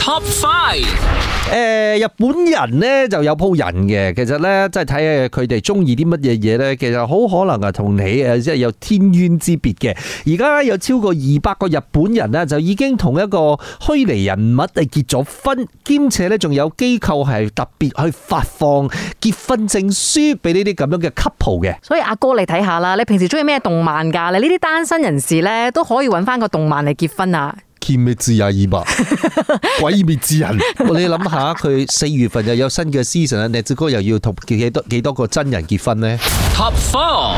Top Five，誒，日本人咧就有鋪人嘅，其實咧即係睇下佢哋中意啲乜嘢嘢咧，其實好可能啊同你啊即係有天淵之別嘅。而家有超過二百個日本人咧就已經同一個虛擬人物係結咗婚，兼且咧仲有機構係特別去發放結婚證書俾呢啲咁樣嘅 couple 嘅。所以阿哥你睇下啦，你平時中意咩動漫噶？你呢啲單身人士咧都可以揾翻個動漫嚟結婚啊！毀滅之廿二百，鬼滅之人，你諗下佢四月份又有新嘅 season 啊，你志哥又要同幾多幾多個真人結婚呢？Top four，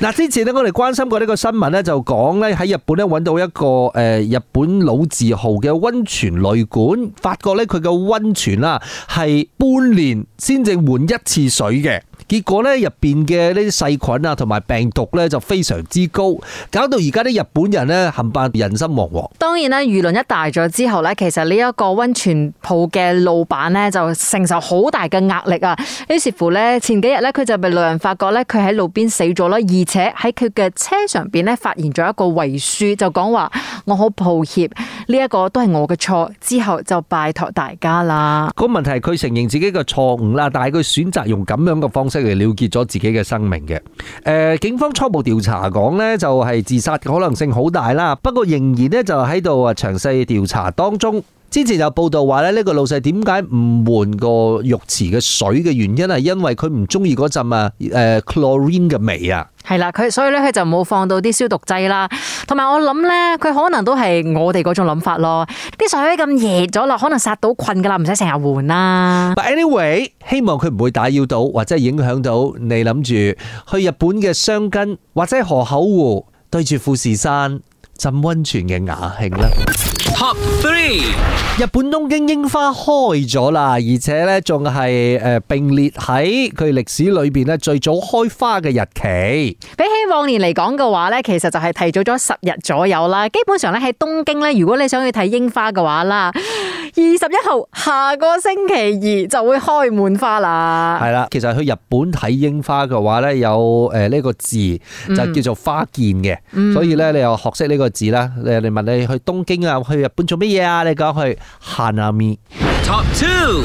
嗱，之前咧我哋關心過呢個新聞咧，就講咧喺日本咧揾到一個誒，日本老字號嘅溫泉旅館，發覺咧佢嘅溫泉啊係半年先至換一次水嘅。結果咧，入邊嘅呢啲細菌啊，同埋病毒咧就非常之高，搞到而家啲日本人咧，冚唪唥人心惶惶。當然啦，輿論一大咗之後咧，其實呢一個溫泉鋪嘅老闆咧就承受好大嘅壓力啊。於是乎咧，前幾日咧，佢就被路人發覺咧，佢喺路邊死咗啦，而且喺佢嘅車上邊咧，發現咗一個遺書，就講話我好抱歉，呢一個都係我嘅錯，之後就拜託大家啦。個問題係佢承認自己嘅錯誤啦，但係佢選擇用咁樣嘅方式。即係了結咗自己嘅生命嘅，誒、呃，警方初步調查講呢，就係、是、自殺嘅可能性好大啦。不過仍然呢，就喺度啊詳細調查當中。之前就報道話咧，呢個老細點解唔換個浴池嘅水嘅原因係因為佢唔中意，嗰陣啊，誒、呃、，chlorine 嘅味啊。係啦，佢所以咧，佢就冇放到啲消毒劑啦。同埋我諗呢，佢可能都係我哋嗰種諗法咯。啲水咁熱咗啦，可能殺到菌噶啦，唔使成日換啦。But anyway，希望佢唔會打擾到或者影響到你諗住去日本嘅箱根或者河口湖對住富士山浸溫泉嘅雅興啦。Top three，日本東京櫻花開咗啦，而且咧仲係誒並列喺佢歷史裏邊咧最早開花嘅日期。往年嚟講嘅話呢，其實就係提早咗十日左右啦。基本上呢，喺東京呢，如果你想去睇櫻花嘅話啦，二十一號下個星期二就會開滿花啦。係啦，其實去日本睇櫻花嘅話呢，有誒呢個字就叫做花見嘅，所以呢，你又學識呢個字啦。你你問你去東京啊，去日本做乜嘢啊？你講去 Hanami。Top two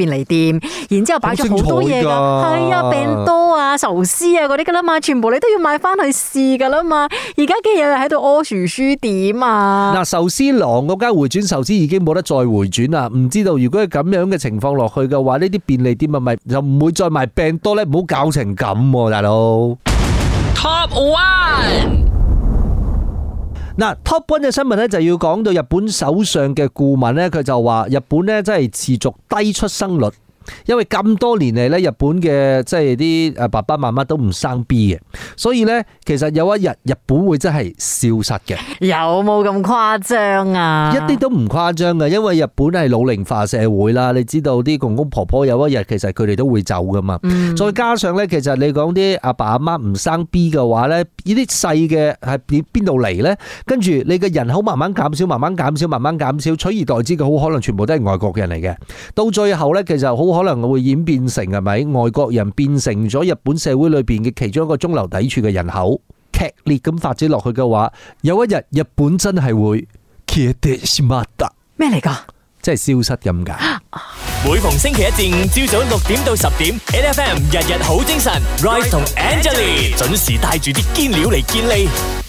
便利店，然之後擺咗好多嘢噶，係啊，餅多啊，壽司啊嗰啲噶啦嘛，全部你都要買翻去試噶啦嘛。而家佢日日喺度屙薯書點啊！嗱，壽司郎嗰間回轉壽司已經冇得再回轉啦，唔知道如果係咁樣嘅情況落去嘅話，呢啲便利店咪咪就唔會再賣餅多咧，唔好搞成咁喎、啊，大佬。Top one。嗱，Top One 嘅新聞呢，就要講到日本首相嘅顧問呢。佢就話日本呢，真係持續低出生率。因為咁多年嚟咧，日本嘅即係啲阿爸爸媽媽都唔生 B 嘅，所以咧，其實有一日日本會真係消失嘅。有冇咁誇張啊？一啲都唔誇張嘅，因為日本係老齡化社會啦。你知道啲公公婆婆有一日其實佢哋都會走噶嘛。再加上咧，其實你講啲阿爸阿媽唔生 B 嘅話咧，呢啲細嘅係邊邊度嚟咧？跟住你嘅人口慢慢減少，慢慢減少，慢慢減少，取而代之嘅好可能全部都係外國嘅人嚟嘅。到最後咧，其實好可。可能我會演變成係咪外國人變成咗日本社會裏邊嘅其中一個中流砥柱嘅人口，劇烈咁發展落去嘅話，有一日日本真係會 get this matter 咩嚟噶？即係消失咁噶？每逢星期一至五，朝早六點到十點，8 FM 日日好精神，Rhyme 同 Angelie 準時帶住啲堅料嚟見你。